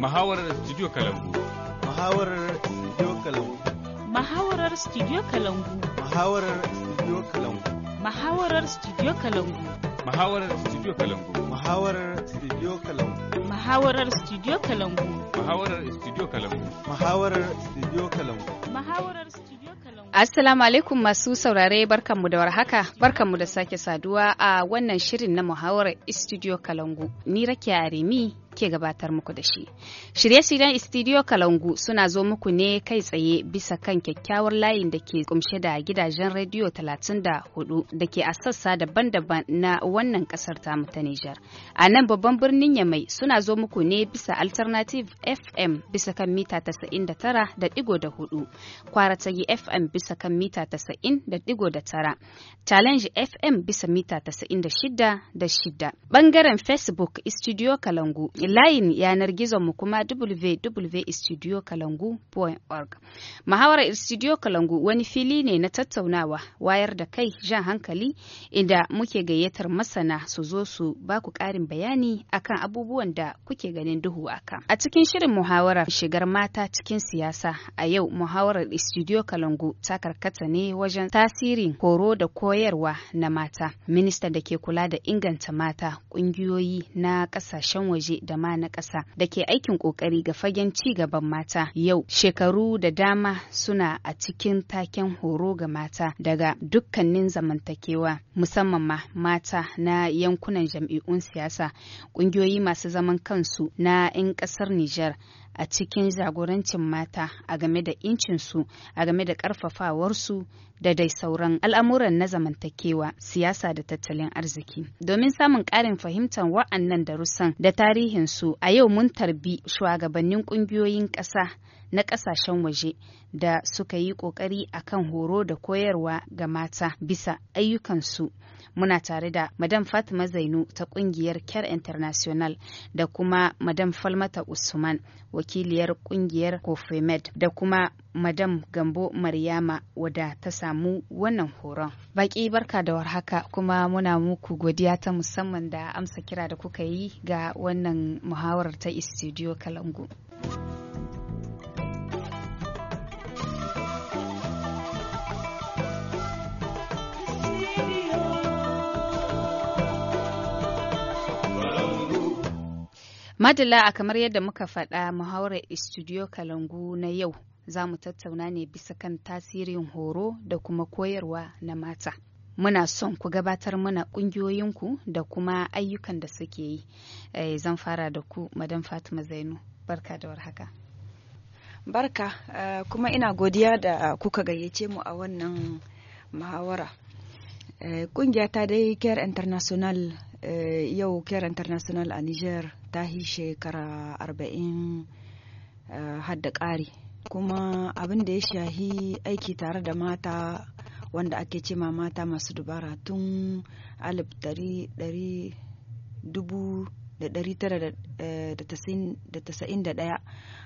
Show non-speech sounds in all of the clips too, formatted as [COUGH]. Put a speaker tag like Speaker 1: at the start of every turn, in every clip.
Speaker 1: Muhawarar Studio Kalangu. Muhawarar Studio Kalangu. Muhawarar Studio Kalangu. Muhawarar Studio Kalangu. Muhawarar Studio Kalangu. Muhawarar Studio Kalangu. Muhawarar Studio Kalangu. Muhawarar Studio Kalangu.
Speaker 2: Muhawarar Studio Kalangu. Muhawarar Studio Kalangu.
Speaker 3: Muhawarar Studio
Speaker 1: Kalangu. Assalamu alaikum masu saurare barkanmu da warhaka barkanmu da sake saduwa a wannan shirin na Muhawarar Studio Kalangu. Ni Rakiya Remi ke gabatar muku da shi. Shirye-shiryen Studio Kalangu suna zo muku ne kai tsaye bisa kan kyakkyawar layin da ke kumshe da gidajen rediyo 34 da ke a sassa daban-daban na wannan kasar ta ta Nijar. A nan babban birnin Yamai suna zo muku ne bisa Alternative FM bisa kan mita 99.4, Kwaratagi FM bisa kan mita 90.9, Challenge FM bisa mita 96.6. Bangaren Facebook Studio Kalangu layin yanar gizon mu kuma www.studiokalangu.org. Muhawarar Studio Kalangu wani fili ne na tattaunawa wayar da kai jan hankali inda muke gayyatar masana su zo su ba ku ƙarin bayani akan abubuwan da kuke ganin duhu aka. A cikin shirin muhawarar shigar mata cikin siyasa a yau muhawarar Studio Kalangu ta karkata ne wajen tasirin horo da koyarwa na mata. Minista da ke kula da inganta mata ƙungiyoyi na ƙasashen waje da ma na ƙasa da ke aikin ƙoƙari ga fagen ci gaban mata yau shekaru da dama suna a cikin taken horo ga mata daga dukkanin zamantakewa musamman ma mata na yankunan jam'i'un siyasa ƙungiyoyi masu zaman kansu na 'yan ƙasar Nijar a cikin jagorancin mata a game da incinsu a game da ƙarfafawarsu da dai sauran al'amuran na zamantakewa siyasa da tattalin arziki domin samun ƙarin fahimtar wa'annan darussan da tarihinsu a yau mun tarbi shugabannin ƙungiyoyin ƙasa na ƙasashen waje da suka yi ƙoƙari kan horo da koyarwa ga mata bisa ayyukansu muna tare da madam fatima zainu ta ƙungiyar care international da kuma madam falmata usman wakiliyar ƙungiyar kofemed da kuma madam gambo maryama wada ta samu wannan horon baki barka da warhaka kuma muna muku godiya ta musamman da amsa kira da kuka yi ga wannan muhawarar ta studio kalangu. Madala a kamar yadda muka faɗa muhawarar Studio Kalangu na yau za mu tattauna ne bisa kan tasirin horo da kuma koyarwa na mata. Muna son ku gabatar mana ƙungiyoyinku da kuma ayyukan da suke yi. Eh, zan fara da ku, Madam Fatima Zainu. Barka da warhaka.
Speaker 4: Barka, eh, kuma ina godiya da kuka gayyace mu a wannan muhawara. Eh, ƙungiya ta dai Care International, yau Care International a Niger ta yi shekara arba'in eh, hadda ƙari kuma abin da ya shahi aiki tare da mata wanda ake ce ma mata masu dubara tun alif dari dubu da dari tara eh, da tasa'in da ɗaya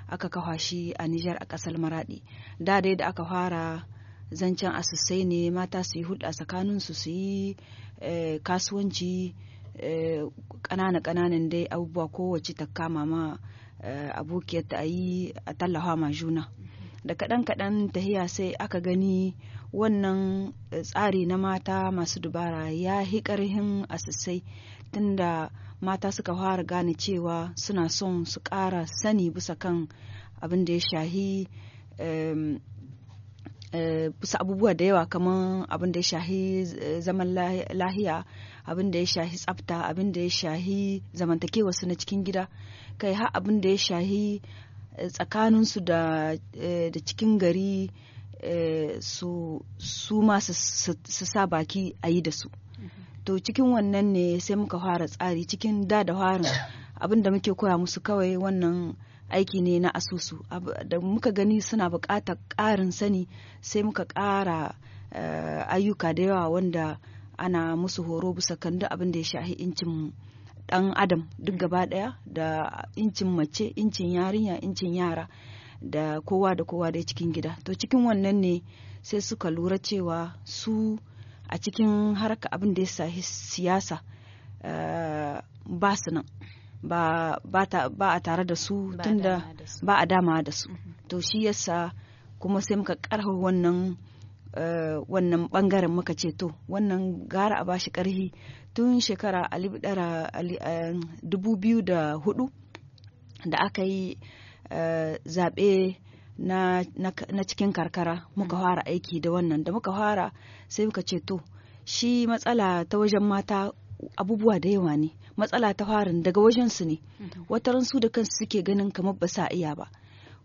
Speaker 4: aka kafa shi a Nijar a ƙasar Maraɗi. Da dai da aka fara zancen asusai ne mata su yi hulɗa tsakaninsu su yi eh, kasuwanci Eh, ƙanana ƙananan dai abubuwa kowace ta kama ma eh, abokiyar ta yi a tallafa ma juna da kaɗan kaɗan tahiya sai aka gani wannan eh, tsari na mata masu dubara ya hi ƙarhin asusai tunda mata suka fara gane cewa suna son su ƙara sani bisa kan abin da ya shahi Eh, bisa abubuwa da yawa kamar abin da ya shahi eh, zaman lahiya abin da ya shahi tsafta abin da ya shahi zamantakewa su na cikin gida kai har abin da ya shahi eh, tsakaninsu da cikin gari su ma su sa baki a yi da su to cikin wannan ne sai muka fara tsari cikin da da farin abin da muke koya musu kawai wannan aiki ne na asusu da muka gani suna buƙatar ƙarin sani sai muka ƙara eh, ayyuka da yawa wanda ana musu horo bisa kan duk abin da ya shahi incin ɗan adam duk gaba ɗaya da incin mace incin yarinya incin yara da kowa da kowa da cikin gida to cikin wannan ne sai suka lura cewa su a cikin harka abin da ya shahi siyasa eh, ba su nan ba a tare da su tunda ba a dama da su mm-hmm. to shi yasa kuma sai muka karfa wannan eh, wannan bangaren muka ce to wannan gara a bashi karhi tun shekara eh, dubu biyu da hudu da aka yi eh, zaɓe na cikin karkara muka mm-hmm. fara aiki da wannan da muka fara sai muka ce to shi matsala ta wajen mata abubuwa da yawa ne matsala ta farin daga wajen su ne mhm. wataran su da kansu suke ganin kamar ba sa iya ba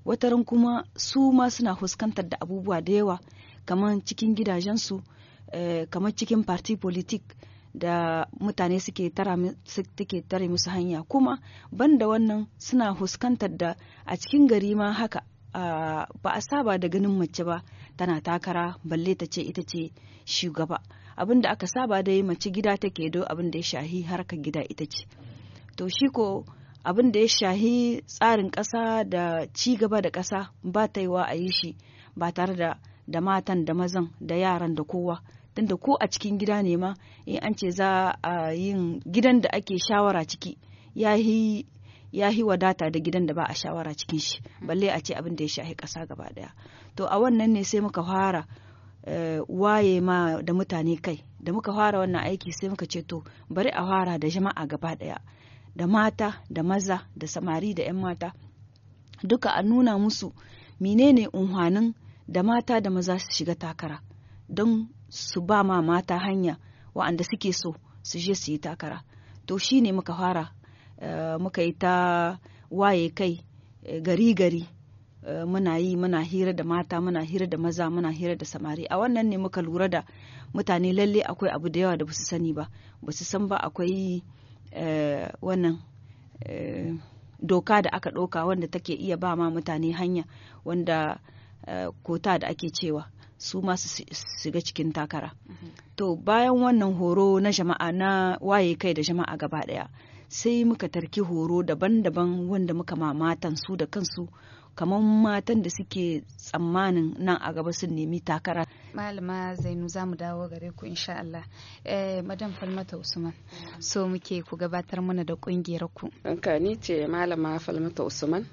Speaker 4: wataran kuma su ma suna fuskantar da abubuwa da yawa kamar cikin gidajensu eh, kamar cikin party politik da mutane suke tare musu hanya kuma banda wannan suna fuskantar da a cikin gari ma haka ba a saba da ganin mace ba tana takara balle ta ce ita ce shugaba abin da aka saba da yi mace gida take do abin da ya shahi harka gida ita ce to shi ko abin da ya shahi tsarin ƙasa da ci gaba da ƙasa ba ta yiwa a yi shi ba tare da da matan da mazan da yaran da kowa tunda ko a cikin gida ne ma in an ce za a yin gidan da ake shawara ciki ya yi wadata da gidan da ba a shawara cikin shi balle a ce abin da ya shahi ƙasa gaba ɗaya. to a wannan ne sai muka fara Eh, waye ma da mutane kai da muka fara wannan aiki sai muka ce to bari a fara da jama'a gaba daya da mata da maza da samari da 'yan mata duka a nuna musu menene unhwanin da mata da maza su shiga takara don su ba ma mata hanya wa'anda suke so su je su yi takara to shi ne muka fara eh, muka yi ta waye kai eh, gari-gari Eh, muna yi muna hira da mata muna hira da maza muna hira da samari a wannan ne muka lura da mutane lalle akwai abu da yawa da basu sani ba basu san ba akwai eh, wannan eh, doka da aka ɗauka wanda take iya ba ma mutane hanya wanda kota da ake cewa su masu shiga cikin takara mm-hmm. to bayan wannan horo na jama'a na waye kai da jama'a gaba ɗaya sai muka tarki horo daban-daban wanda muka mamatan su da kansu kamar matan da suke tsammanin nan a gaba sun nemi takara. Malama Zainu
Speaker 1: za mu dawo gare ku insha Allah. Eh, Madam Falmata Usman, so muke ku gabatar mana da kungiyar ku.
Speaker 2: ni ce Malama Falmata Usman.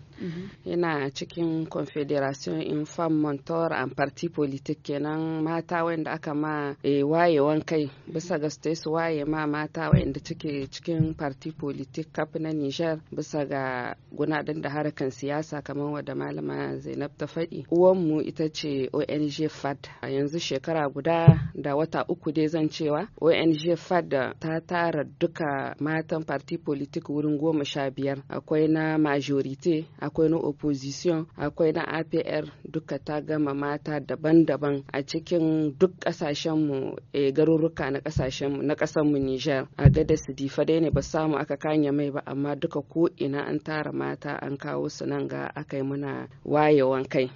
Speaker 2: yana cikin confederation in montor montor and party politique kenan mata wanda aka ma eh, wayewan kai bisa ga su waye ma mata wanda cike cikin party politique kaf na Niger bisa ga gunadin da harkan siyasa kamar wadda malama Zainab ta faɗi uwanmu ita ce ONG FAD a yanzu shekara guda da wata uku dai zan cewa ONG FAD ta tara duka matan party politique wurin goma sha biyar akwai na majority. akwai na opposition akwai na apr duka ta gama mata daban-daban a cikin duk kasashenmu e, eh, garuruka na kasashenmu na kasanmu niger a gada su difa dai ne ba samu aka kanya mai ba amma duka ko ina an tara mata an kawo su nan ga aka yi muna wayewan kai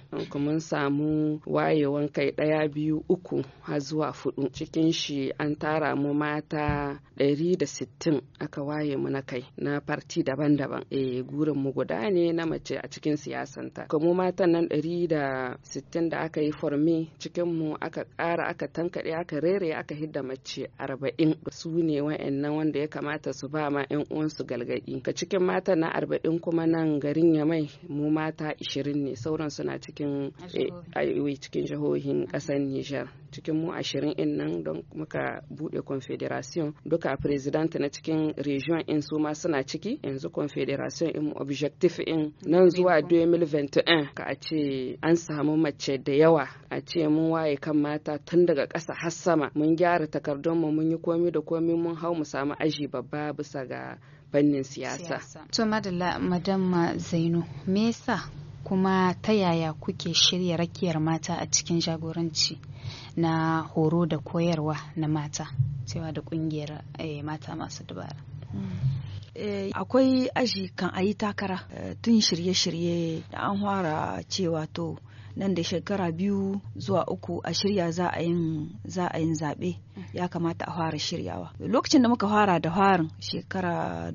Speaker 2: mun samu wayewan kai ɗaya biyu uku har zuwa fudu cikin shi an tara mu mata 160 aka waye mu na kai na farti daban-daban E, gurin mu guda ne na mace mace a cikin siyasanta Kuma matan nan ɗari da sittin da aka yi formi cikin mu aka ƙara aka tankaɗe aka rere aka hidda mace arba'in su ne wa'annan wanda ya kamata su ba ma 'yan uwansu galgadi ka cikin matan na arba'in kuma nan garin yamai mu mata ishirin ne sauran suna cikin eh, cikin jihohin ƙasar Nijar. cikin mu ashirin in nan don muka bude confederation duka president na cikin region in su ma suna ciki yanzu confederation in objective in nan zuwa 2021 ka a ce an samu mace da yawa a ce mun waye kan mata tun daga ƙasa har sama mun gyara takardunmu mun yi komi da komi mun hau mu samu aji babba bisa ga fannin siyasa.
Speaker 1: To madalla Madam Zainu me yasa kuma ta yaya kuke shirya rakiyar mata a cikin jagoranci? na horo da koyarwa na mata cewa da kungiyar eh, mata masu dubara
Speaker 4: eh, akwai aji kan a yi takara eh, tun shirye-shirye da an fara cewa to nan da shekara biyu zuwa uku a shirya za a yin za a yin zaɓe ya kamata a fara shiryawa lokacin da muka fara da farin shekara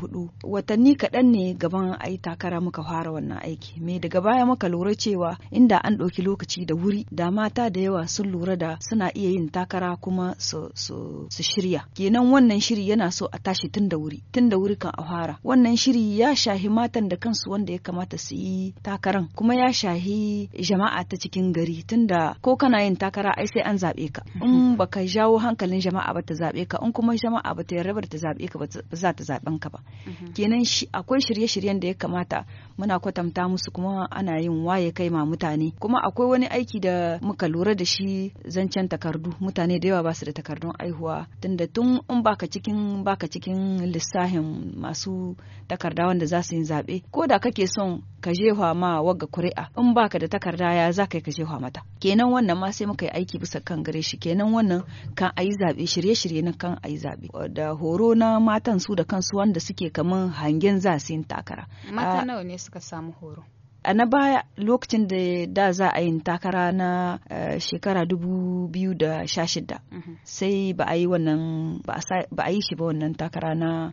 Speaker 4: hudu watanni kaɗan ne gaban a yi takara muka fara wannan aiki mai daga baya muka lura cewa inda an ɗauki lokaci da wuri da mata da yawa sun lura da suna iya yin takara kuma su shirya kenan wannan shiri yana so a tashi tun da wuri tun da wuri kan a fara wannan shiri ya shahi matan da kansu wanda ya kamata su yi takaran kuma ya shahi jama'a ta cikin gari tunda ko kana yin takara ai sai an zaɓe ka in mm-hmm. baka jawo hankalin jama'a ba ta zaɓe ka in kuma jama'a ba ta yarda ba ta zaɓe ka ba za ta zaɓen ka ba mm-hmm. kenan akwai shirye-shiryen da ya kamata muna kwatanta musu kuma ana yin waye kai ma mutane kuma akwai wani aiki da muka lura da shi zancen takardu mutane da yawa ba su da takardun aihuwa tunda tun in baka cikin baka cikin lissahin masu takarda wanda za su yi zaɓe ko da kake son ka jefa ma wagga kuri'a in baka da takarda ya za ka jefa mata kenan wannan ma sai muka yi aiki bisa kan gare shi kenan wannan kan ayi zabe shirye-shirye na kan ayi zabe da horo na matan su da kansu wanda suke kaman hangen za su yin takara mata
Speaker 1: nawa ne suka samu horo
Speaker 4: a na baya lokacin da da za a yi takara na eh, shekara dubu biyu da sha shida mhm. sai ba a yi wannan ba a yi shi ba wannan takara na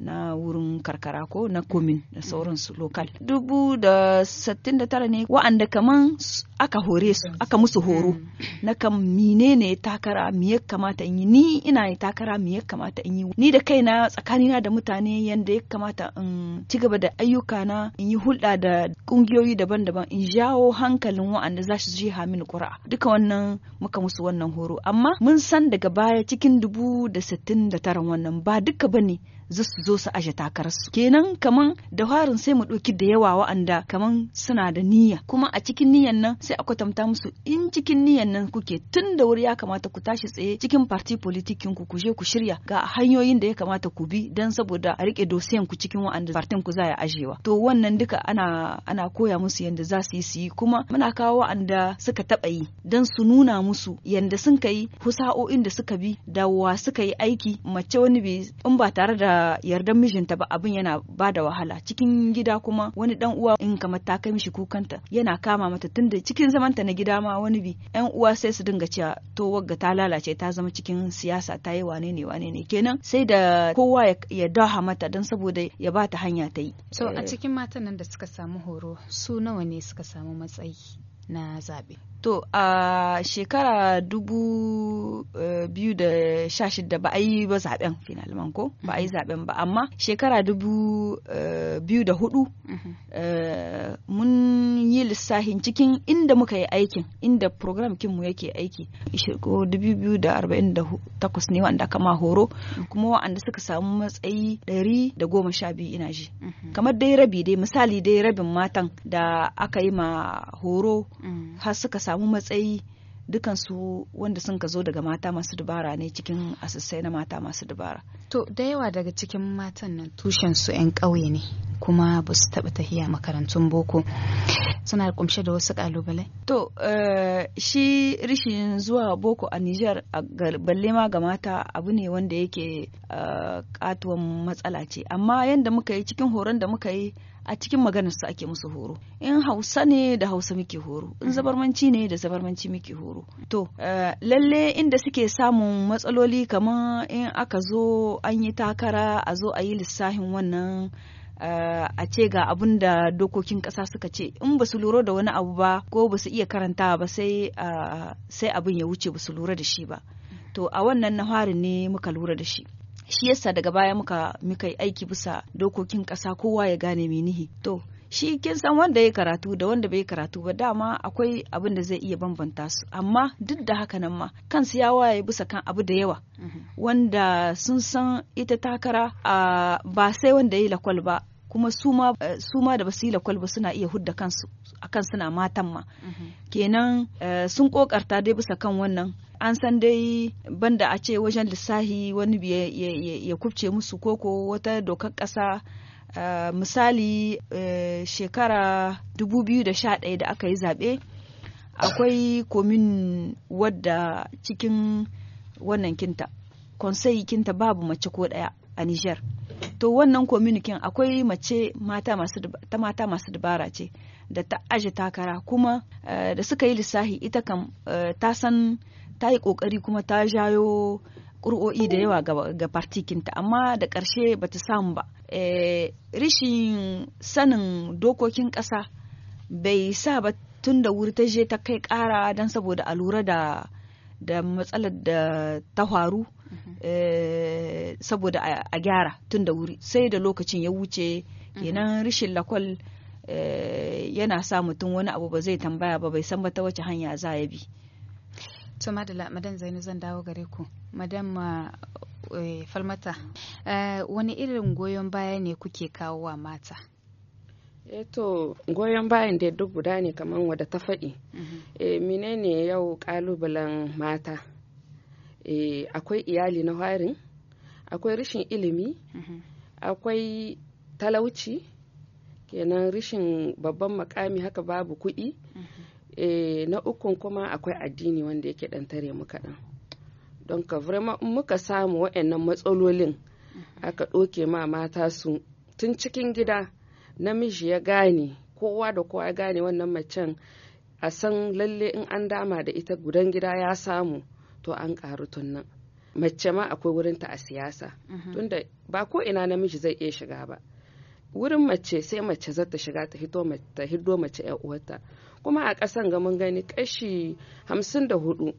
Speaker 4: na wurin karkara ko na komin da sauransu lokal dubu da sattin da tara ne wa'anda kaman aka hore su aka musu horo mm. na kan mine ne takara me kamata in yi ni ina yi takara me kamata in yi ni da kaina tsakanina da mutane yanda ya kamata in ci gaba da ayyuka na in yi hulɗa da ƙungiyoyi daban-daban in jawo hankalin wa'anda za su je mini ƙura'a duka wannan muka musu wannan horo amma mun san daga baya cikin dubu da sittin da tara wannan ba duka bane za su zo su aje takararsu kenan kaman da harin sai mu ɗauki da yawa wa'anda kaman suna da niyya kuma a cikin niyyan nan sai a kwatanta musu in cikin niyyan nan kuke tun da wuri ya kamata ku tashi tsaye cikin parti politikin ku je ku shirya ga hanyoyin da ya kamata ku bi dan saboda a rike dosiyan ku cikin wa'anda partin ku za ya ajewa to wannan duka ana ana koya musu yanda za su yi su yi kuma muna kawo wa'anda suka taɓa yi dan su nuna musu yanda sun ka yi husa'o'in da suka bi da wa suka yi aiki mace wani bai in ba tare da yardan mijinta ba abin yana ba da wahala cikin gida kuma wani dan uwa in kamar ta kai mishi kukanta yana kama mata tunda cikin zamanta na gida ma wani bi yan uwa sai su dinga cewa to wagga ta lalace ta zama cikin siyasa ta yi wane ne wane ne kenan sai da kowa ya daha mata don saboda ya ba ta hanya ta yi. so a eh. cikin
Speaker 1: matan nan da suka samu horo su nawa ne suka samu matsayi. na zaɓe.
Speaker 4: To a shekara dubu eh, biyu da sha shida ba a yi ba zaben finalman ko ba a yi mhm. zaben ba amma shekara dubu eh, biyu da hudu mhm. eh, fasahin cikin inda muka yi aikin inda program kinmu yake aiki shirko 2048 ne wanda kama horo kuma wa'anda suka samu matsayi 112 ina ji mhm. kamar dai rabi dai misali dai rabin matan da aka yi ma horo mhm. har suka samu matsayi dukansu wanda sun ka zo daga mata masu dubara ne cikin asisai na mata masu dubara. To da yawa daga cikin matan nan
Speaker 1: tushensu 'yan ƙauye ne. kuma ba su taɓa tahiya makarantun boko suna kumshe da wasu kalubale
Speaker 4: to eh, shi rishin zuwa boko a niger balle ma ga mata abu ne wanda yake katuwan eh, matsala ce amma yadda muka yi cikin horon da muka yi a cikin maganar su ake musu horo in hausa ne da hausa muke horo in mm. zabarmanci ne da zabarmanci muke horo to eh, lalle inda suke samun matsaloli kamar in aka zo an yi takara a zo a yi lissafin wannan a ce ga abin da dokokin ƙasa suka ce in ba su lura da wani abu ba ko ba su iya karanta ba sai sai abin ya wuce ba su lura da shi ba to a wannan na harin ne muka lura da shi shi yasa daga baya muka muka yi aiki bisa dokokin ƙasa kowa ya gane menihi to shi kin san wanda ya karatu da wanda bai karatu ba dama akwai abin da zai iya bambanta su amma duk da haka nan ma kansu ya waye bisa kan abu da yawa mm-hmm. wanda sun san ita takara ba sai wanda ya yi lakwal ba kuma su ma eh, da basila kwalba suna iya hudda kansu akan suna matan ma mhm. kenan eh, sun kokarta dai bisa kan wannan an san dai banda a ce wajen lissahi wani ya kubce musu koko wata dokar ƙasa eh, misali shekara 2011 da aka yi zaɓe akwai komin wadda cikin wannan kinta konsai kinta babu mace ko ɗaya a niger to wannan kominikin akwai mace mata ta mata masu dabara ce da ta aje takara kuma eh, da suka yi lissahi ita kam eh, ta san ta yi kokari kuma ta jayo ƙuri'o'i da yawa ga partikinta amma da ƙarshe ba ta samu ba eh, rishin sanin dokokin ƙasa bai sa ba tun da wuri ta je ta kai ƙara don saboda a lura da da matsalar da ta faru mhm. eh, saboda a gyara tun da wuri sai da lokacin ya wuce mhm. kenan rishin lakwal eh, yana sa mutum wani abu ba zai tambaya ba bai san ba ta wace hanya za ya bi to
Speaker 1: madala madan zainu zan dawo gare ku madam eh, falmata wani irin goyon baya ne kuke kawo wa mata
Speaker 2: Eto eh, goyon bayan da duk guda ne kamar wadda ta faɗi mhm. eh, menene yau ƙalubalen mata eh, akwai iyali na harin akwai rashin ilimi mhm. akwai talauci kenan rashin babban makami haka babu kuɗi mhm. na ukun kuma akwai addini wanda yake ɗan tare mu kaɗan don ka muka samu waɗannan matsalolin aka ɗoke ma mata su tun cikin gida namiji ya gane kowa da kowa ya gane wannan macen a san lalle in an dama da ita gudan gida ya samu to an karu tunnan mace ma akwai wurinta a siyasa mhm. tunda ba ko ina namiji zai iya shiga ba wurin mace sai mace zata shiga ta hito ta hiddo mace ya uwarta kuma a kasan ga mun gani kashi hamsin da hudu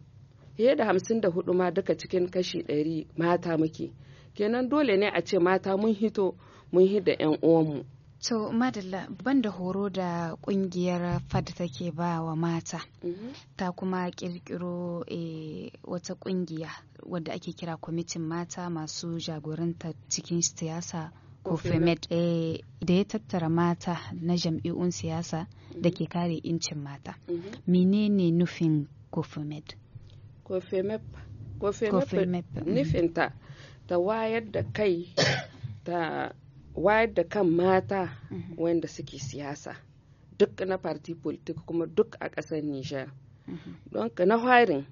Speaker 2: fiye da hamsin da hudu ma duka cikin kashi ɗari mata muke kenan dole ne a ce mata mun hito mun hidda yan uwanmu To
Speaker 1: Madalla banda horo da kungiyar FAD take ba wa mata mhm. ta kuma kirkiro eh, wata kungiya wadda ake kira kwamitin mata masu jagoranta cikin siyasa ko FEMED eh, da ya tattara mata na jam'i'un siyasa da mhm. ke kare incin mata. Mhm. Menene nufin ko Ko
Speaker 2: FEMED nufinta ta wayar da kai ta wayar da kan mata mhm. wanda suke siyasa duk na party politik kuma duk a ƙasar nijar mhm. don ka na harin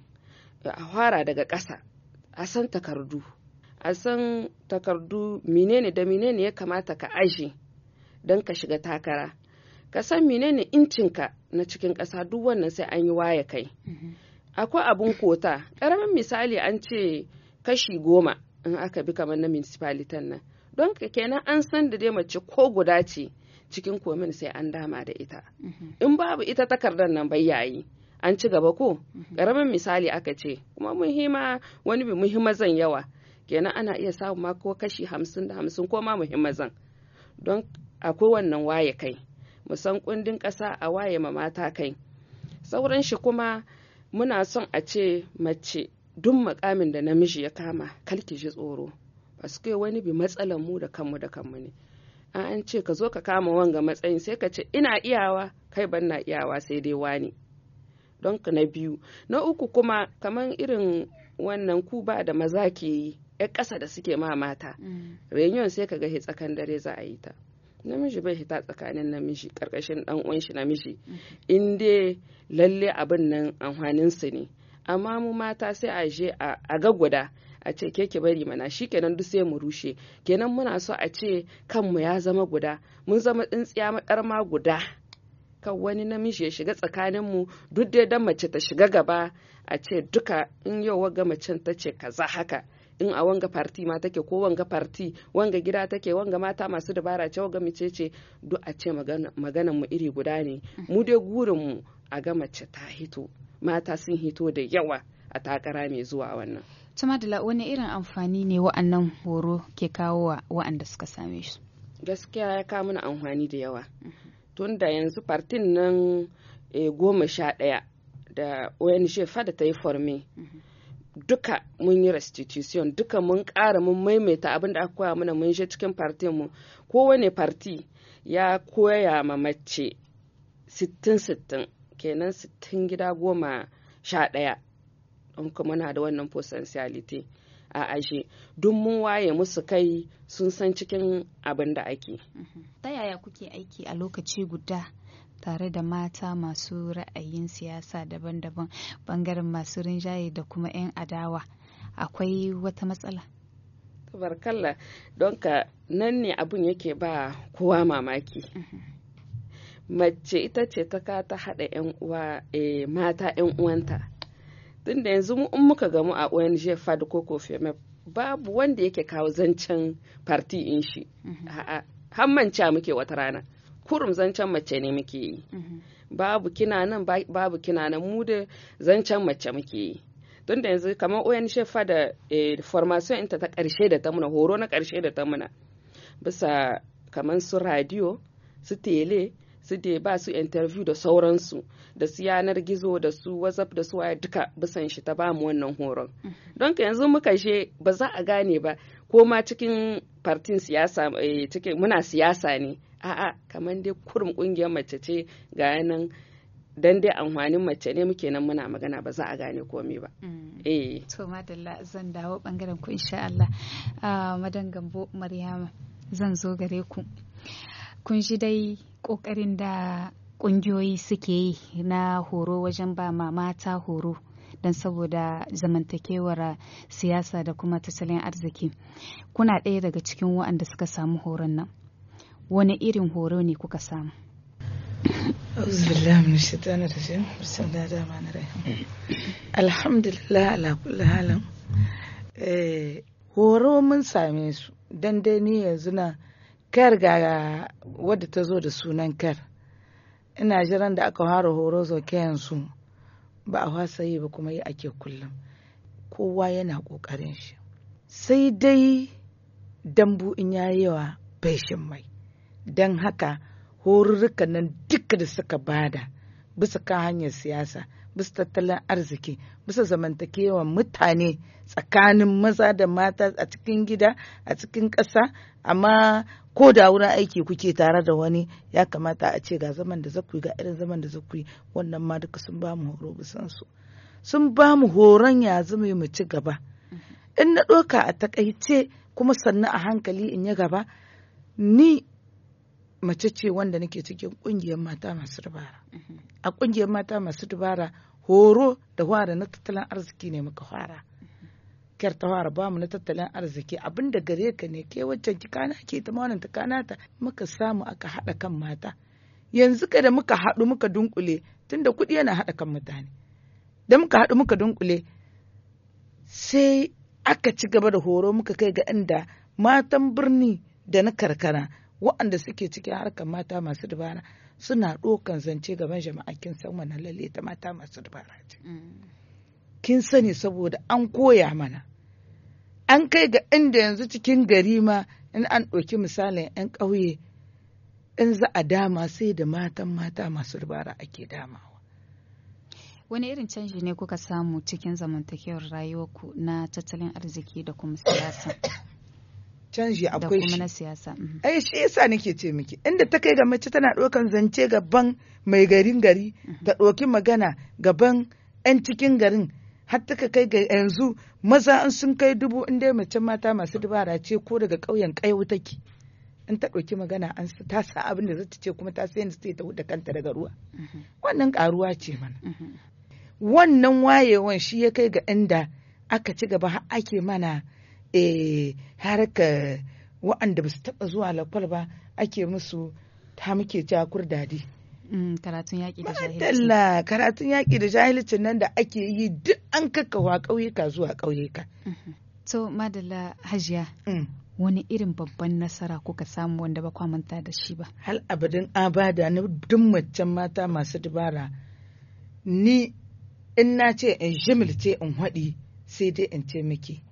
Speaker 2: a fara daga ƙasa a san takardu a san takardu menene da menene ya kamata ka aji don ka shiga takara ka san menene incinka na cikin ƙasa duk wannan sai an yi waya kai mhm. akwai abun kota Karamin misali an ce kashi goma in aka bi kamar na municipalitan nan don kenan an san da dai mace ko guda ce cikin komin sai an dama da ita mhm. in babu ita takardar nan bai yayi an ci gaba ko karamin mhm. misali aka ce kuma muhimma wani bi zan yawa kenan ana iya samu ma ko kashi hamsin da hamsin ko ma zan? don akwai wannan waye kai musan kundin ƙasa a waye ma mata kai sauran shi kuma muna son a ce mace duk makamin da namiji ya kama kalki shi tsoro paske wani bi matsalan mu da kanmu da kanmu ne an ce ka zo ka kama wanga matsayin sai ka ce ina iyawa kai ban na iyawa sai dai wani don ka na biyu na uku kuma kamar irin wannan ku ba da maza ke yi ya ƙasa da suke ma mata mm. reunion sai ka ga tsakan dare za a yi ta namiji bai hita tsakanin namiji karkashin dan uwan shi namiji mm. in dai lalle abin nan amfaninsu ne amma mu mata sai a je a gaggwada a ce ke bari mana shi kenan duk sai mu rushe kenan muna so a ce kanmu ya zama guda mun zama tsintsiya maɗar ma guda kan wani namiji ya shiga tsakaninmu duk dai dan mace ta shiga gaba a ce duka in yau waga macen ta ce kaza haka in a wanga farti ma take ko wanga farti wanga gida take wanga mata masu dabara ce wanga mace ce duk a ce maganan mu iri guda ne mm. mu dai gurin mu a ga mace ta hito mata sun hito da yawa a takara mai zuwa wannan.
Speaker 1: Tumadala wani irin amfani ne wa'annan horo ke kawo wa wa'anda suka same shi?
Speaker 2: Gaskiya ya kawo mana amfani da yawa. Mm-hmm. tun da yanzu partin nan eh, goma sha ɗaya da wani shefa da ta yi forme. Mm-hmm. Duka mun yi restitution, duka mun ƙara mun maimaita abin da aka koya mana mun je cikin partin mu. Kowane parti ya koya ma mace sittin sittin. kenan sittin gida goma sha ɗaya in kuma na da wannan potentiality a ashe duk mun waye musu kai sun san cikin abin da ake mhm.
Speaker 1: ta yaya kuke aiki a lokaci guda tare da mata masu ra'ayin siyasa daban-daban bangaren masu rinjaye da kuma 'yan adawa akwai wata matsala
Speaker 2: Barkalla, don ka nan ne abin yake ba kowa mamaki mhm. mace ita ce ta ka ta haɗa yan uwa eh, mata yan uwanta tunda yanzu mu in muka gamu a ONG FAD ko COFEMEP babu wanda yake kawo zancen parti in shi mhm. har manca muke wata rana kurum zancen mace ne muke yi mhm. babu kina nan babu kina nan mu da zancen mace muke yi tunda yanzu kamar ONG FAD da eh, formation inta ta karshe da ta muna horo na karshe da ta muna bisa kamar su radio su tele su de ba su interview da sauransu da su yanar gizo da su whatsapp da su waya duka bisan shi ta bamu wannan horon mm-hmm. don ka yanzu muka je ba za a gane ba ko ma cikin partin siyasa eh, cikin muna siyasa ne a'a kamar dai kurum kungiyar mace ce ga nan dan dai amfanin mace ne muke nan muna magana ba za a gane komai ba. Mm. Eh.
Speaker 1: To madalla zan dawo bangaren ku insha Allah. Ah, madan Gambo Maryama zan zo gare ku. kun shi dai kokarin da kungiyoyi suke yi na horo wajen ba ma mata horo don saboda zamantakewar siyasa da kuma tattalin arziki kuna ɗaya daga cikin waɗanda suka samu horon nan wani irin horo ne kuka samu
Speaker 5: alhamdulillah ala kulli halin eh, horo mun same su dan yanzu na kar ga wadda ta zo da sunan kar ina jiran da aka fara horo zoke yanzu ba a fasa yi ba kuma yi ake kullum kowa yana ƙoƙarin shi sai dai dambu in ya yawa bai shin mai don haka horurrukan nan duka da suka bada bisa kan hanyar siyasa bisa tattalin arziki bisa zamantakewa mutane tsakanin maza da mata a cikin gida a cikin ƙasa amma ko da wurin aiki kuke tare da wani ya kamata a ce ga zaman da zaku ga irin zaman da zaku wannan ma duka sun ba mu horo bisan su sun ba mu horon ya zama mu ci gaba in na ɗauka a takaice kuma sannan a hankali in yi gaba ni mace ce wanda nake cikin kungiyar mata masu dubara a kungiyar mata masu dubara horo da fara na tattalin arziki ne muka fara kyar ta fara bamu na tattalin arziki abin da gare ka ne ke waccan ki kana ke ta wannan ta kana ta muka samu aka haɗa kan mata yanzu ka da muka haɗu muka dunkule da kuɗi yana haɗa kan mutane da muka haɗu muka dunkule sai aka ci gaba da horo muka kai ga inda matan birni da na karkara wa'anda suke cikin harkar mata masu dubara suna ɗokan zance gaban jama'a kin san wannan lalle ta mata masu dabara ce kin sani saboda an koya mana an kai ga inda yanzu cikin gari ma in an ɗauki misalin 'yan ƙauye in za a dama sai da matan mata masu dabara ake damawa wani irin canji ne kuka samu cikin zamantakewar
Speaker 1: rayuwarku na tattalin arziki da kuma siyasa canji akwai shi. Da
Speaker 5: siyasa. Mhm. Ai shi yasa nake ce miki inda ta kai ga mace tana ɗaukan zance gaban mai garin gari ta mhm. ɗauki magana gaban 'yan cikin garin har ta kai ga yanzu maza an sun kai dubu in inda mace mata masu dubara ce ko daga ƙauyen ƙayau take. in ta ɗauki magana an ta sa abin da zata ce kuma ta sai da ta huda kanta daga ruwa mhm. wannan ƙaruwa ce mana wannan wayewan shi ya kai ga inda aka ci gaba ake mana eh harka wa'anda ba su taɓa zuwa lakwal ba ake musu ta muke jakur dadi. Mm, karatun yaƙi da jahilci. karatun yaƙi da jahilcin nan da ake yi duk an kakkawa ƙauyuka zuwa ƙauyuka.
Speaker 1: Mm-hmm. To Madalla Hajiya, mm. wani irin babban
Speaker 5: nasara kuka samu wanda ba manta da shi ba? Hal abadin abada na duk macen mata masu dubara. Ni in na ce in ce in haɗi sai dai in ce miki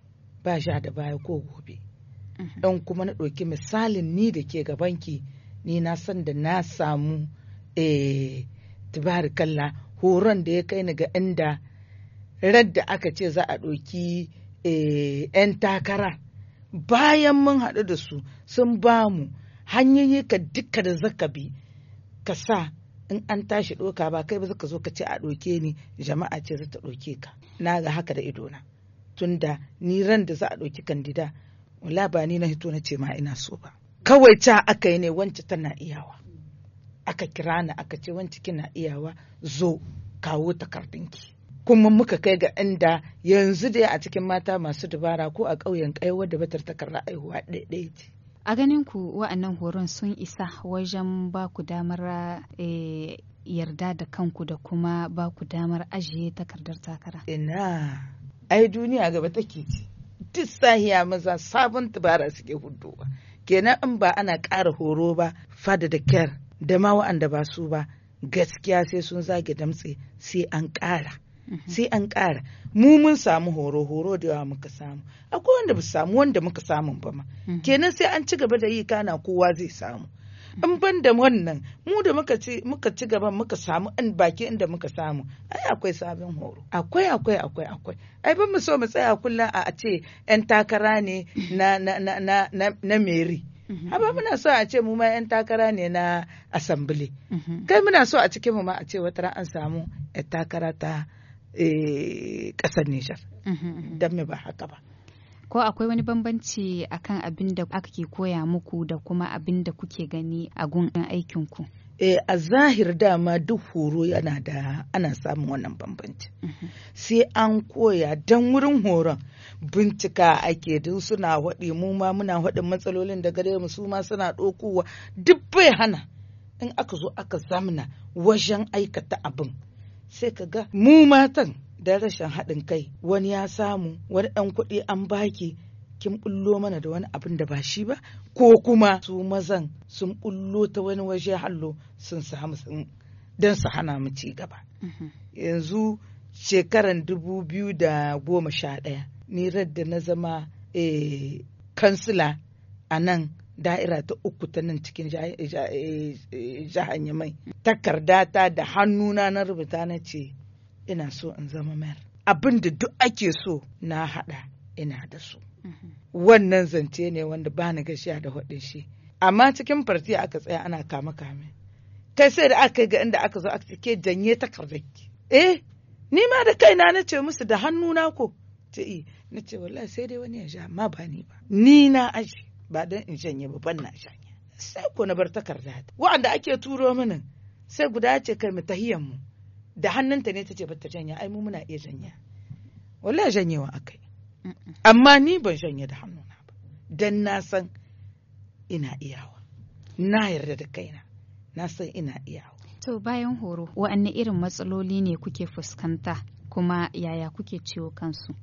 Speaker 5: ba sha da baya ko gobe mhm. dan kuma na ɗauki misalin ni da ke gabanki ni na san da na samu eh, tabarikalla horon da ya kai ni ga inda radda aka ce za a ɗauki eh, 'yan takara bayan mun haɗu da su sun ba mu hanyoyi ka duka da zaka bi ka sa in an tashi ɗoka ba kai ba zaka zo ka ce a ɗauke ni jama'a ce za ta ɗauke ka na ga haka da idona tunda ni ran da za a ɗauki kandida wala ba ni na hito na ce ma ina so ba kawai ca aka yi ne wance tana iyawa aka kira ni aka ce wance kina iyawa zo kawo takardunki kuma muka kai ga inda yanzu dai a cikin mata masu dubara ko a ƙauyen wadda da batar takarda aihuwa ɗaya ce
Speaker 1: a ganin ku wa'annan horon sun isa wajen ba ku damar eh, yarda da kanku da kuma ba ku damar ajiye takardar takara ina
Speaker 5: ai duniya gaba take ci duk sahiya maza sabon dabara suke hudowa kenan in ba ana ƙara horo ba fada da kyar da ma wa'anda ba su ba gaskiya sai sun zage damtse sai an ƙara mhm. sai an ƙara mu mun samu horo horo da yawa muka samu akwai wanda ba samu wanda muka samu ba ma mhm. kenan sai an ci gaba da yi kana kowa zai samu in ban da wannan mu da muka ci muka ci gaban muka samu in baki inda muka samu ai akwai sabon horo akwai akwai akwai akwai ai ban mu so mu tsaya kullum a ce yan takara ne na na na na na, na meri mm-hmm. Haba muna so a ce mu ma 'yan takara ne na asambili. Mm-hmm. Kai muna so a cikin mu ma a ce wata an samu 'yan takara ta kasar eh, Nijar. Mm-hmm. Dan me ba haka ba.
Speaker 1: Ko akwai wani bambanci akan abin da aka ke koya
Speaker 5: muku da kuma abin da kuke gani a gun aikinku? E, a zahir dama duk horo yana da ana samun wannan bambanci. Mhm. Sai an koya don wurin horon bincika ake duk suna waɗe mu ma muna waɗin matsalolin da gare mu su ma suna ɗokowa duk bai hana in aka zo aka zamna wajen aikata abin. Sai ka ga mu matan da rashin haɗin kai wani ya samu wani ɗan kuɗi an baki kin bullo mana da wani abin da ba shi ba ko kuma su mazan sun bullo ta wani waje hallo sun samu sun don su hana mu ci gaba mm-hmm. yanzu shekaran dubu biyu da goma sha ɗaya ni radda na zama eh, kansila a nan da'ira ta uku ta nan cikin jihar eh, eh, yamai takarda ta da hannuna na rubuta na ce ina so in zama mayar abin da duk ake so na haɗa ina da su mhm. wannan zance ne wanda ba ni gashiya da hudin shi amma cikin farti aka tsaya ana kama kame kai sai da aka ga inda aka zo aka cike janye takardarki eh ni ma da kaina na ce musu da hannu na ko ce eh na ce wallahi sai dai wani ya sha ma ba ni ba ni na aji ba dan in janye ba ban na janye sai ko na bar takarda ta wa'anda ake turo mini sai guda ce kai mu tahiyan mu da hannunta ne ta ce bata janya ai mu muna iya janya wallahi janyewa akai amma ni ban janye da hannuna ba dan na san ina iyawa na yarda da kaina na san ina iyawa
Speaker 1: to bayan horo wa'anne irin matsaloli ne kuke fuskanta kuma yaya kuke ciwo kansu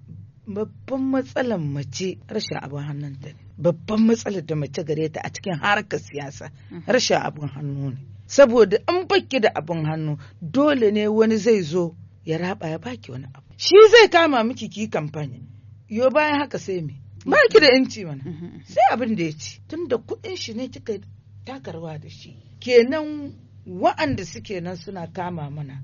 Speaker 5: babban matsalar mace rashin abin hannunta ne babban matsalar da mace gare ta a cikin harkar siyasa mm-hmm. rashin abin hannu ne saboda in baki da abin hannu dole ne wani zai zo ya raba ya baki wani abu shi zai kama miki ki kamfani yo bayan haka sai me baki da yanci mana mm-hmm. sai abin da ya ci tunda kuɗin shi ne kika takarwa da shi kenan wa'anda suke nan suna kama mana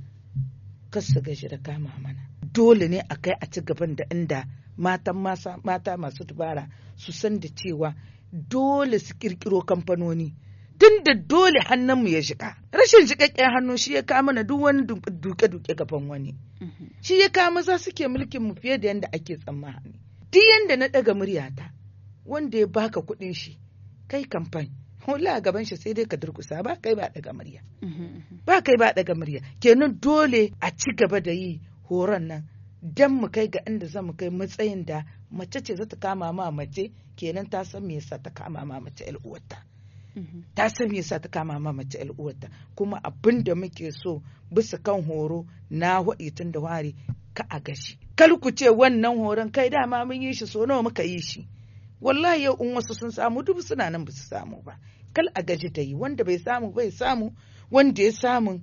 Speaker 5: kas su gaji da kama mana dole ne a kai a ci gaban da inda matan mata masu dubara su san da cewa dole su kirkiro kamfanoni tun da dole hannunmu ya shiga rashin shigakken hannu shi ya kama na duk wani duke-duke gaban wani mhm. shi ya kama za suke mulkin mu fiye da yadda ake tsammani duk yadda na ɗaga muryata wanda ya baka kuɗin shi kai kamfan hula gaban shi sai dai ka durkusa ba kai ba daga murya mhm. ba kai ba daga murya kenan dole a ci gaba da yi horon nan dan mu kai ga inda za mu kai matsayin da mace ce za ta kama ma mace kenan ta san me yasa ta kama ma mace uwarta ta san me yasa ta kama ma mace kuma abin da muke so bisa kan horo na waɗi tun da wari ka a gashi kar ku ce wannan horon kai dama mun yi shi so nawa muka yi shi wallahi yau in wasu sun samu dubu suna nan basu samu ba kal a gaji ta yi wanda bai samu bai samu wanda ya samu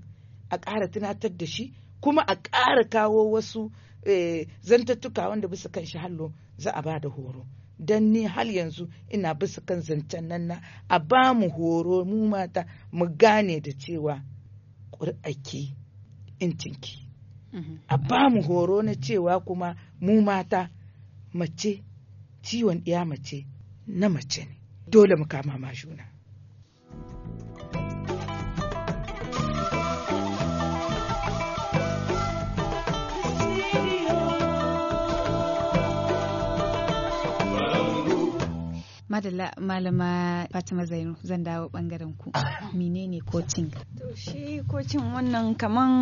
Speaker 5: a ƙara tunatar da shi kuma a ƙara kawo wasu eh, zantattuka wanda bisa kan shi hallo za a ba da horo don ni hal yanzu ina bisa kan zancen nan na a ba mu horo mu mata mu gane da cewa ƙur'aki incinki mhm. a ba mu horo na cewa kuma mu mata mace ciwon iya mace na mace ne dole mu kama ma juna
Speaker 1: Madalla Malama Fatima Zainu zan dawo bangaren ku. Menene coaching?
Speaker 4: To shi coaching wannan kaman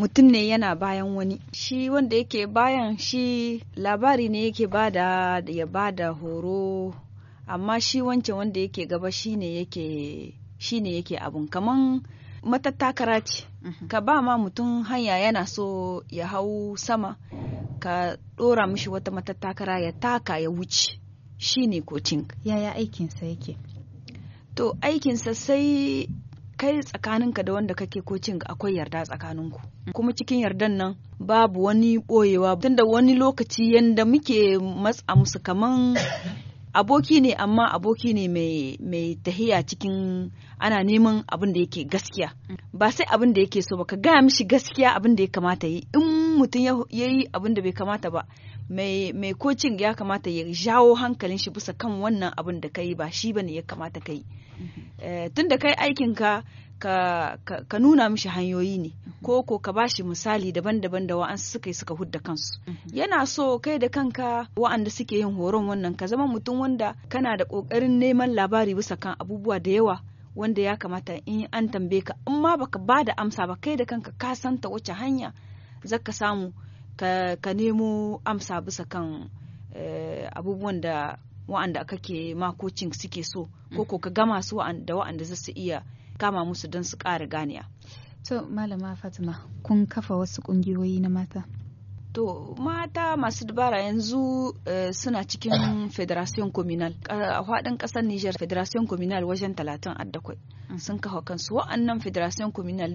Speaker 4: mutum ne yana bayan wani. Shi wanda yake bayan shi labari ne yake bada ya bada horo amma shi wancan wanda yake gaba shine yake shine yake abun kaman matattakara ce. Mhm. Ka ba ma mutum hanya yana so ya hau sama ka ɗora mishi wata matattakara ya taka ya wuce. shine coaching yaya aikinsa yake to aikinsa sai kai tsakaninka da wanda kake coaching akwai yarda tsakaninku mm. kuma cikin yardan nan babu wani boyewa tunda wani lokaci yadda muke matsa musu kaman [COUGHS] aboki ne amma aboki ne mai tahiya cikin ana neman abin da yake gaskiya mm. ba sai abin da yake so ba ka gaya mishi gaskiya abin da ya kamata yi in mutum ya yi abin da bai kamata ba mai kocin ya kamata ya jawo hankalin shi bisa kan wannan abin da kai ba shi bane ya kamata kai eh, tun da kai aikin ka ka nuna mishi hanyoyi ne ko ko ka bashi misali daban-daban da wa'ansu suka suka hudda kansu yana so kai da kanka wa'anda suke yin horon wannan ka zama mutum wanda kana da kokarin neman labari bisa kan abubuwa da yawa wanda ya kamata in an tambaye ka amma baka ba da amsa ba kai da kanka ka santa wacce hanya zaka samu ka nemo amsa bisa kan eh, abubuwan da wa'anda kake makocin suke so ko ko ka gama su da wa'anda za su iya kama musu don su ƙara ganiya.
Speaker 1: To Malama Fatima, kun kafa wasu ƙungiyoyi na mata?
Speaker 4: To mata masu dabara yanzu eh, suna cikin [COUGHS] Federation Communal. A faɗin ƙasar Niger Federation Communal wajen talatin addakwai. Mm. Sun kawo kansu wa'annan Federation Communal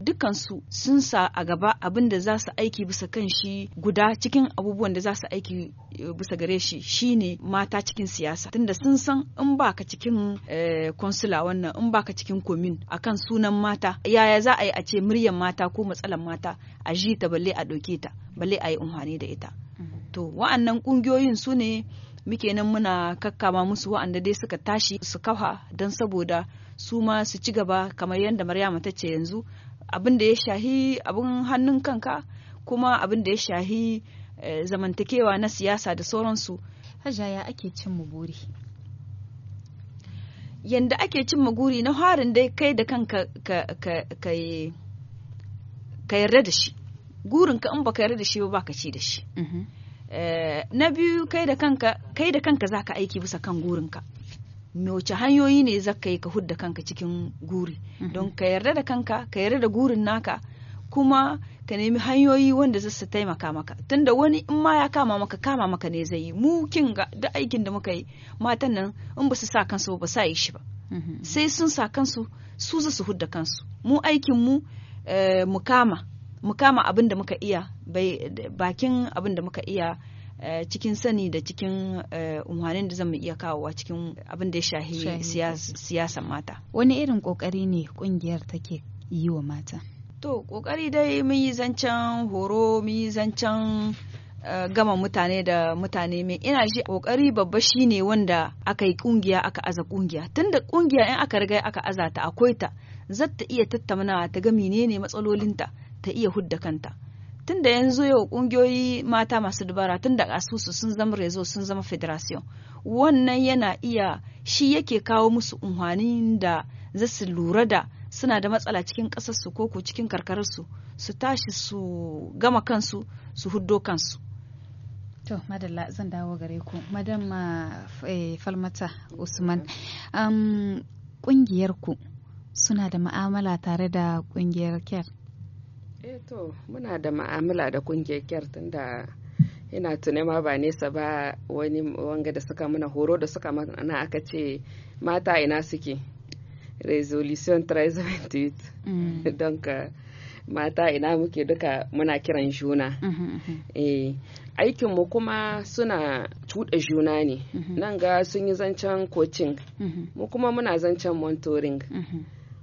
Speaker 4: dukkan su sun sa a gaba abin da za su aiki bisa kan shi guda cikin abubuwan da za su aiki eh, bisa gare shi shine mata cikin siyasa. Tunda sun san in ba ka cikin eh, consular wannan in ba ka cikin komin akan sunan mata yaya za a yi a ce muryan mata ko matsalar mata a ji ta balle a ɗauke ta balle a a yi amfani da ita to wa'annan ƙungiyoyin su ne muke nan muna kakkama musu wa'anda dai suka tashi su kafa don saboda su ma su ci gaba kamar yadda maryama ta ce yanzu abin da ya shahi abin hannun kanka kuma abin da ya shahi eh, zamantakewa na siyasa da sauransu hajjaya ake cin mu buri yanda ake cin maguri na harin dai kai da kanka ka yarda da shi gurinka in baka yarda da shi ba baka ci da shi mm-hmm. eh, na biyu kai da kanka kai da kanka zaka aiki bisa kan gurinka me wace hanyoyi ne zaka yi ka hudda kanka cikin guri mm-hmm. don ka yarda da kanka ka yarda da gurin naka kuma ka nemi hanyoyi wanda zasu taimaka maka tunda wani in ma ya kama maka kama maka ne zai yi mu kin ga da aikin da muka yi matan nan in ba su sa kansu ba sa yi shi ba mm-hmm. sai sun sa kansu su za su hudda kansu mu aikin mu eh, mu kama mu kama abin da muka iya bakin abin da muka iya eh, cikin sani da cikin eh, umarnin da zamu iya kawowa cikin abin da ya shahi siyasan mata
Speaker 1: wani irin kokari ne kungiyar take yi wa mata
Speaker 4: to kokari dai mun yi zancen horo mun yi zancen eh, gama mutane da mutane mai ina shi kokari babba shi ne wanda aka yi kungiya aka aza kungiya tunda ƙungiya in aka riga aka azata, akwai ta zata iya tattaunawa ta ga menene matsalolinta ta iya hudda kanta tunda yanzu yau kungiyoyi mata masu dubara tun da asusu sun zama rezo sun zama federation wannan yana iya shi yake kawo musu unhwanin da za su lura da suna da matsala cikin ƙasarsu ko ko cikin karkararsu su tashi su gama kansu su huddo kansu to
Speaker 1: madalla zan dawo gare ku madam uh, eh, falmata usman um, ƙungiyarku suna da ma'amala tare da ƙungiyar care
Speaker 2: eh to muna da ma'amala da kungiyar kyar tunda ina tunai ma ba nesa ba wani wanga da suka mana horo da suka mana aka ce mata ina suke resolution 328 mm. [LAUGHS] don ka mata ina muke duka muna kiran juna mm-hmm, mm-hmm. eh, aikinmu kuma suna cuɗa juna ne mm-hmm. nan ga sun yi zancen coaching mu kuma muna zancen mentoring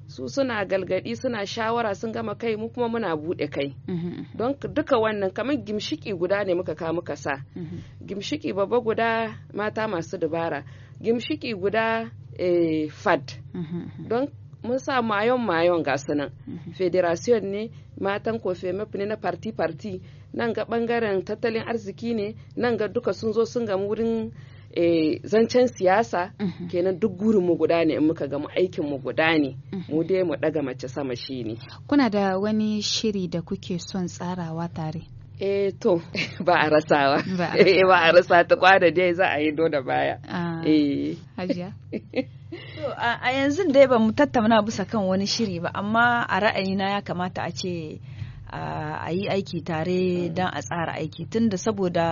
Speaker 2: su suna galgadi suna shawara sun gama kai mu kuma muna buɗe kai mhm, mhm. don duka wannan kamar gimshiki guda ne muka ka sa mhm. gimshiki babba guda mata masu dubara gimshiki guda eh, fad don mun sa mayon mayon ga sunan federation ne matan kofemef ne na parti parti nan ga bangaren tattalin arziki ne nan ga duka sun zo sun gamu wurin eh, zancen siyasa mm -hmm. kenan duk gurin mu guda ne in muka gamu aikinmu aikin mu guda ne mhm. mu dai mu daga mace sama shine
Speaker 1: kuna da wani shiri da kuke son tsarawa tare
Speaker 2: eh to [LAUGHS] ba a rasawa [LAUGHS] eh ba a rasa ta kwada dai za a yi baya ah, eh hajiya [LAUGHS]
Speaker 4: to a yanzu dai ba mu tattauna bisa kan wani shiri ba amma a ra'ayina ya kamata a ce a yi aiki tare mm. don a tsara aiki tunda saboda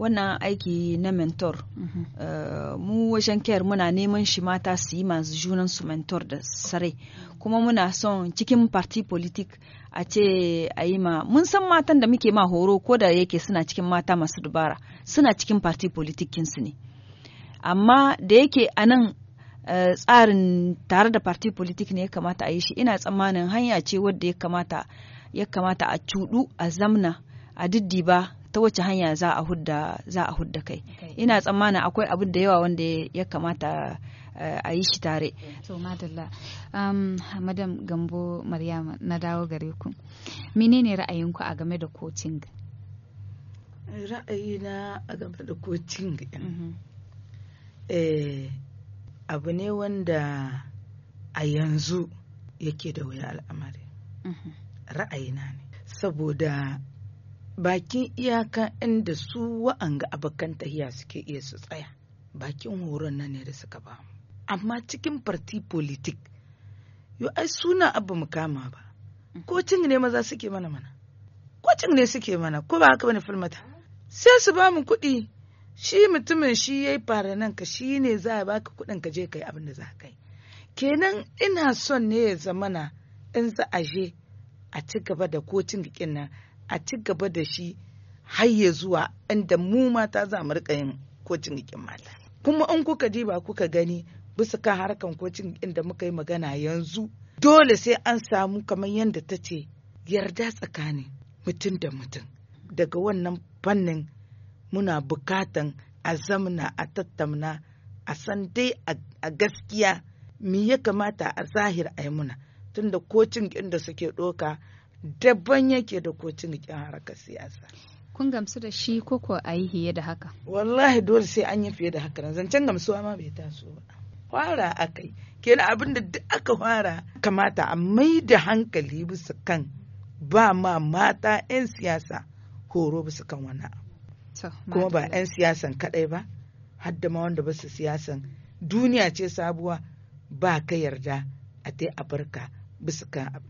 Speaker 4: wannan aiki na mentor mhm. eh, mu wajen care muna neman shi mata su yi masu junan su mentor da sarai kuma muna son cikin party politik a ce a yi ma mun san matan da muke ma horo ko da yake suna cikin mata masu dubara suna cikin party politikinsu ne amma da yake a nan eh, tsarin tare da party politik ne ya kamata a yi shi ina tsammanin hanya ce wadda ya kamata a cuɗu a zamna a diddiba ta wace hanya za a hudda za a hudda kai ina tsammanin akwai abin da yawa wanda ya kamata eh, a yi shi
Speaker 1: tare so madalla um, madam gambo maryama na dawo gare ku menene ra'ayinku a game da coaching
Speaker 5: ra'ayina a game da coaching mm-hmm. eh, abu ne wanda a yanzu yake da wuya al'amari mm-hmm. ra'ayina ne saboda bakin iyaka inda su wa'anga abokan tahiya suke iya su tsaya bakin horon nan ne da suka ba mu amma cikin parti politik yo ai suna abu mu kama ba Ko cin ne maza suke mana mana cin ne suke mana ko ba haka bane filmata sai su ba mu kuɗi shi mutumin shi yayi fara nan ka shi ne za a baka kuɗin ka je kai abin da za kai kenan ina son ne ya zamana in za a je a ci gaba da kocin gikin nan a ci gaba da shi har ya zuwa inda mu mata za mu rika yin kocin ikin mata kuma in kuka ji ba kuka gani bisa kan harkan kocin inda muka yi magana yanzu dole sai an samu kamar yadda ta ce yarda tsakanin mutum da mutum daga wannan fannin muna bukatan a zamna a tattamna a san dai a gaskiya me ya kamata a zahir a yi muna tunda kocin inda suke ɗoka daban yake da kotun rikin harkar siyasa kun gamsu da shi ko ko a yi fiye da haka wallahi dole sai an yi fiye da haka zancen gamsuwa ma bai taso ba fara aka yi kenan abin da duk aka fara kamata a mai da hankali bisa kan ba ma mata 'yan siyasa horo bisa kan wani kuma ba 'yan siyasan kaɗai ba hadda ma wanda basu siyasan duniya ce sabuwa ba ka yarda a ta yi abarka bisa kan abu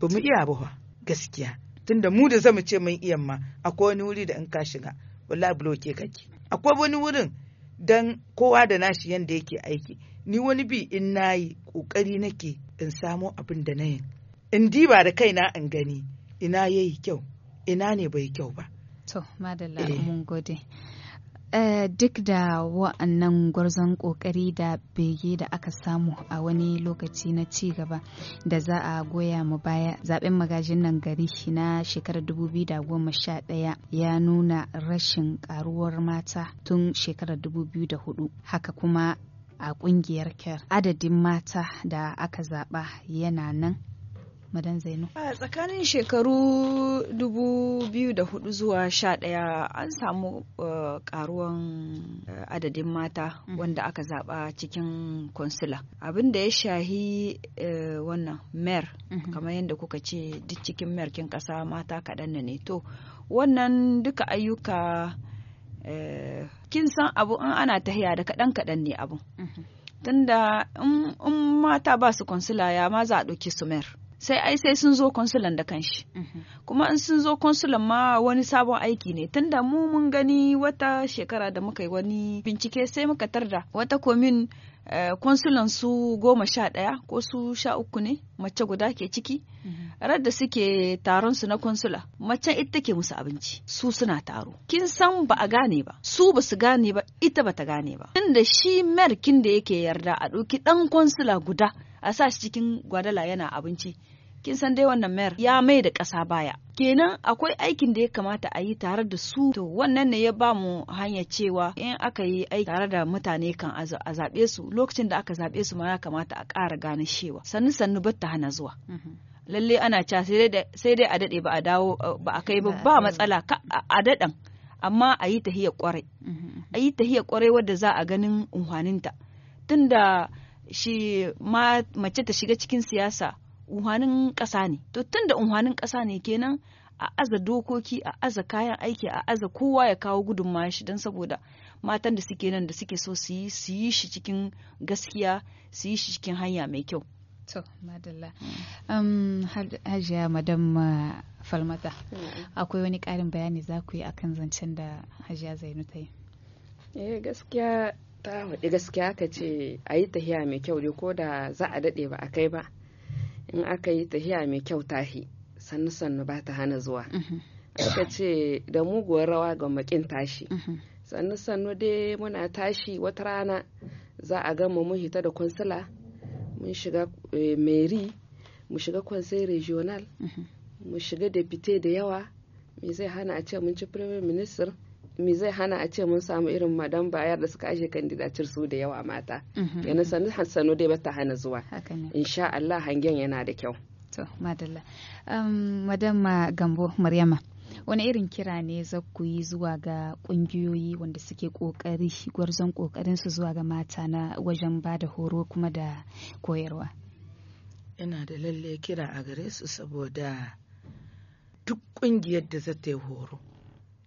Speaker 5: ba mu iya ba gaskiya tunda mu da zamu ce mun iya ma akwai wani wuri da in ka shiga wallahi bloke kake akwai wani wurin dan kowa da nashi yanda yake aiki ni wani bi in nayi kokari nake in samo abin da nayin in diba da kaina in gani ina yayi kyau ina ne bai kyau ba
Speaker 1: to madalla eh. mun gode Eh, duk da wa'annan gwarzon kokari da bege da aka samu a wani lokaci na ci gaba da za a goya mu baya zaben magajin nan gari na shekarar 2011 ya nuna rashin karuwar mata tun shekarar 2004 haka kuma a kungiyar kyar adadin mata da aka zaba yana nan madan zainu
Speaker 4: a tsakanin shekaru da 2004 zuwa sha 11 an samu karuwan eh, eh, adadin mata mhm. wanda aka zaba cikin konsula abinda ya shahi eh, wannan mayor mhm. kamar yadda kuka ce duk cikin mayor kin kasa mata kaɗan ne to wannan duka ayyuka kin san abu in ana tahiya da kaɗan kaɗan ne abu mhm. tunda in mata ba su konsula ya ma za a ɗauki su mayar sai ai sai sun zo konsulan da kanshi mhm. kuma in sun zo konsulan ma wani sabon aiki ne tunda mu mun gani wata shekara da muka yi wani bincike sai muka da wata komin konsulan eh, su goma sha ɗaya ko su sha uku ne mace guda ke ciki mhm. rar da suke taron su na konsula mace ita ke musu abinci su suna taro kin san ba a gane ba su ba su gane ba ita ba ta gane ba tunda shi merkin da yake yarda a ɗauki ɗan konsula guda a sa shi cikin gwadala yana abinci kin san dai wannan mayar ya mai da ƙasa baya kenan akwai aikin da ya kamata a yi tare da su to wannan ne ya ba mu hanya cewa in aka yi aiki tare da mutane kan a zaɓe su lokacin da aka zaɓe su ma ya kamata a ƙara gane shewa sannu sannu bata hana zuwa mhm. lalle ana ca sai dai a daɗe ba a dawo ba a kai ba ba matsala a daɗan amma a yi tahiyar kwarai mhm. a yi tahiyar kwarai wadda za a ganin unhwaninta tunda shi mace ta shiga cikin siyasa unhanin ƙasa ne to tun da unhanin ƙasa ne kenan a aza dokoki a aza kayan aiki a aza kowa ya kawo gudunmawa shi don saboda matan da suke nan da suke so su yi su yi shi cikin gaskiya su yi shi cikin hanya mai kyau to madalla mm.
Speaker 1: um, hajiya madam uh, falmata akwai wani karin bayani za ku yi akan zancen da hajiya zainu ta yi
Speaker 2: eh gaskiya ta waɗi gaskiya aka ce a yi tahiya mai kyau dai ko da za a daɗe ba a kai ba in aka yi tahiya mai kyau tahi sannu sannu ba ta hana zuwa mm-hmm. aka ce da muguwar rawa ga makin tashi mm-hmm. sannu sannu dai muna tashi wata rana za a gama mun hita da kwansila mun shiga eh, meri mu shiga kwansai regional mm-hmm. mu shiga depute da yawa me zai hana a ce mun ci premier minister me zai hana a ce mun samu irin madan bayar da suka ashe kandidatir su da yawa mata yana mhm. sanu sanu dai bata hana zuwa insha Allah hangen yana da kyau to
Speaker 1: madalla um, gambo maryama wani irin kira ne za ku yi zuwa ga kungiyoyi wanda suke kokari gwarzon kokarin su zuwa ga mata na wajen ba da horo kuma da
Speaker 5: koyarwa yana da lalle kira a gare su saboda duk kungiyar da za ta yi horo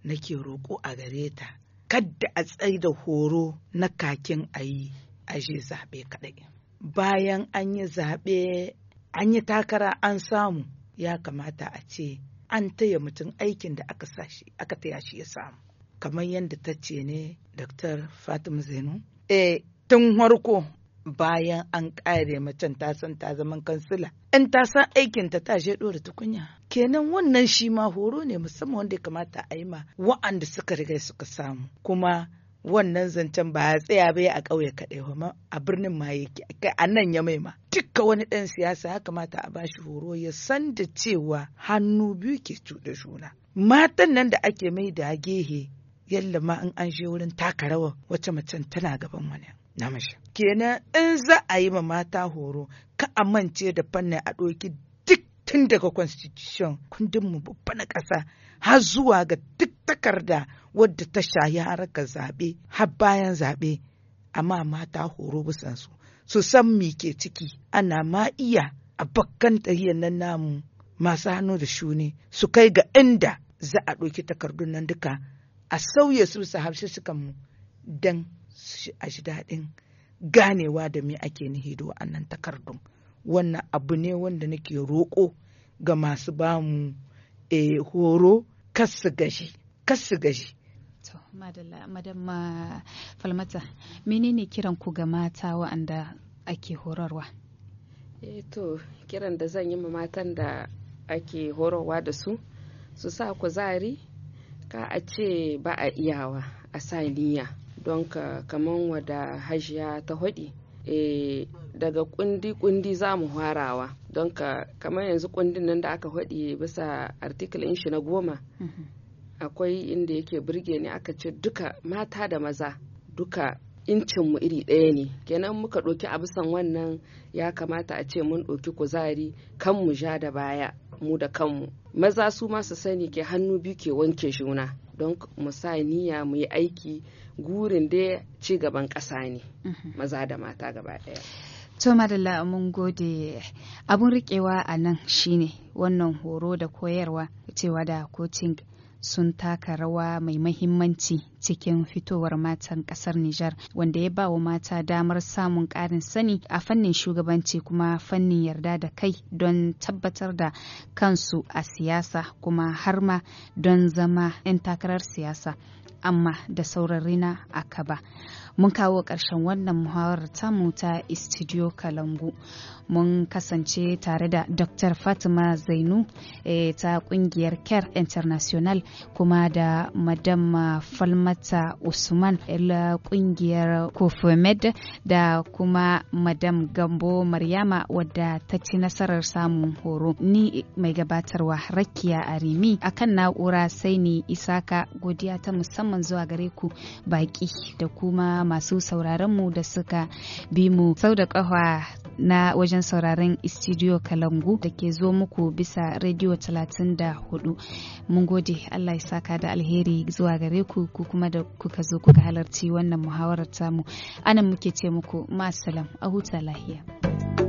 Speaker 5: nake roƙo a gare ta kadda a tsaye da horo na kakin a yi a je zaɓe kaɗai bayan an yi zaɓe an yi takara an samu ya kamata a ce an taya mutum aikin da aka sashi aka taya shi ya samu kamar yadda ta ce ne dr fatima zainu Eh tun harko bayan an ƙare macen ta san ta zaman kansila in ta san aikinta ta je ɗora tukunya kenan wannan shi ma horo ne musamman wanda ya kamata a yi ma wa'anda suka riga suka samu kuma wannan zancen ba ya tsaya bai a ƙauye kaɗai ba a birnin ma yake a nan ya maima dukka wani ɗan siyasa ya kamata a bashi horo ya san da cewa hannu biyu ke cuɗe juna matan nan da ake mai da gehe yalla ma in an je wurin taka rawa wacce macen tana gaban wani kenan in za a yi ma mata horo ka amince da fannin a ɗauki duk tun daga constitution kundinmu babba na ƙasa har zuwa ga duk takarda wadda ta shayi harkar zaɓe har bayan zaɓe amma mata horo bisan su su san me ke ciki ana ma iya a bakkan tahiyar nan namu masu hannu da shuni su kai ga inda za a ɗauki takardun nan duka a sauya su su hafshi sukan mu dan a ji daɗin ganewa da me ake nihi da wa'annan takardun wannan abu ne wanda nake roƙo ga masu bamu e, eh, horo kasu gashi kasu gashi to
Speaker 1: madalla madamma falmata menene kiran ku ga mata wa'anda ake horarwa
Speaker 2: eh to kiran da zan yi ma matan da ake horarwa da su su sa kuzari ka a ce ba a iyawa a sa niyya don ka kaman wada hajiya ta hudi e, eh, daga kundi-kundi za mu harawa don ka yanzu kundin nan da aka hudi bisa article shi na goma mhm. akwai inda yake birge ni aka ce duka mata da maza duka incinmu iri ɗaya ne kenan muka ɗoki a bisan wannan ya kamata a ce mun ɗoki kuzari kan mu ja da baya mu da kanmu maza su ma su sani ke hannu biyu ke wanke juna don mu sa niyya mu yi aiki gurin da ci gaban ƙasa ne mhm. maza da mata gaba ɗaya.
Speaker 1: To madalla mun gode abun riƙewa a nan shine wannan horo da koyarwa cewa da coaching sun taka rawa mai mahimmanci cikin fitowar matan ƙasar Nijar wanda ya ba wa mata damar samun ƙarin sani a fannin shugabanci kuma fannin yarda da kai don tabbatar da kansu a siyasa kuma har ma don zama 'yan takarar siyasa. amma da saurarina aka ba mun kawo ƙarshen wannan muhawarar ta ta Studio Kalangu. Mun kasance tare da Dr. Fatima Zainu e, eh, ta ƙungiyar Care International kuma da Madam Falmata Usman la ƙungiyar Kofomed da kuma Madam Gambo Maryama wadda ta ci nasarar samun horo. Ni mai gabatarwa Rakiya Arimi akan na'ura sai ni Isaka godiya ta musamman zuwa gare ku baki da kuma masu sauraronmu da suka bi mu sau da ƙafa na wajen sauraron studio kalangu da ke zo muku bisa rediyo 34 mun gode allah ya saka da alheri zuwa gare ku ku kuma da kuka zo kuka halarci wannan muhawarar tamu anan muke ce muku masalam a huta lahiya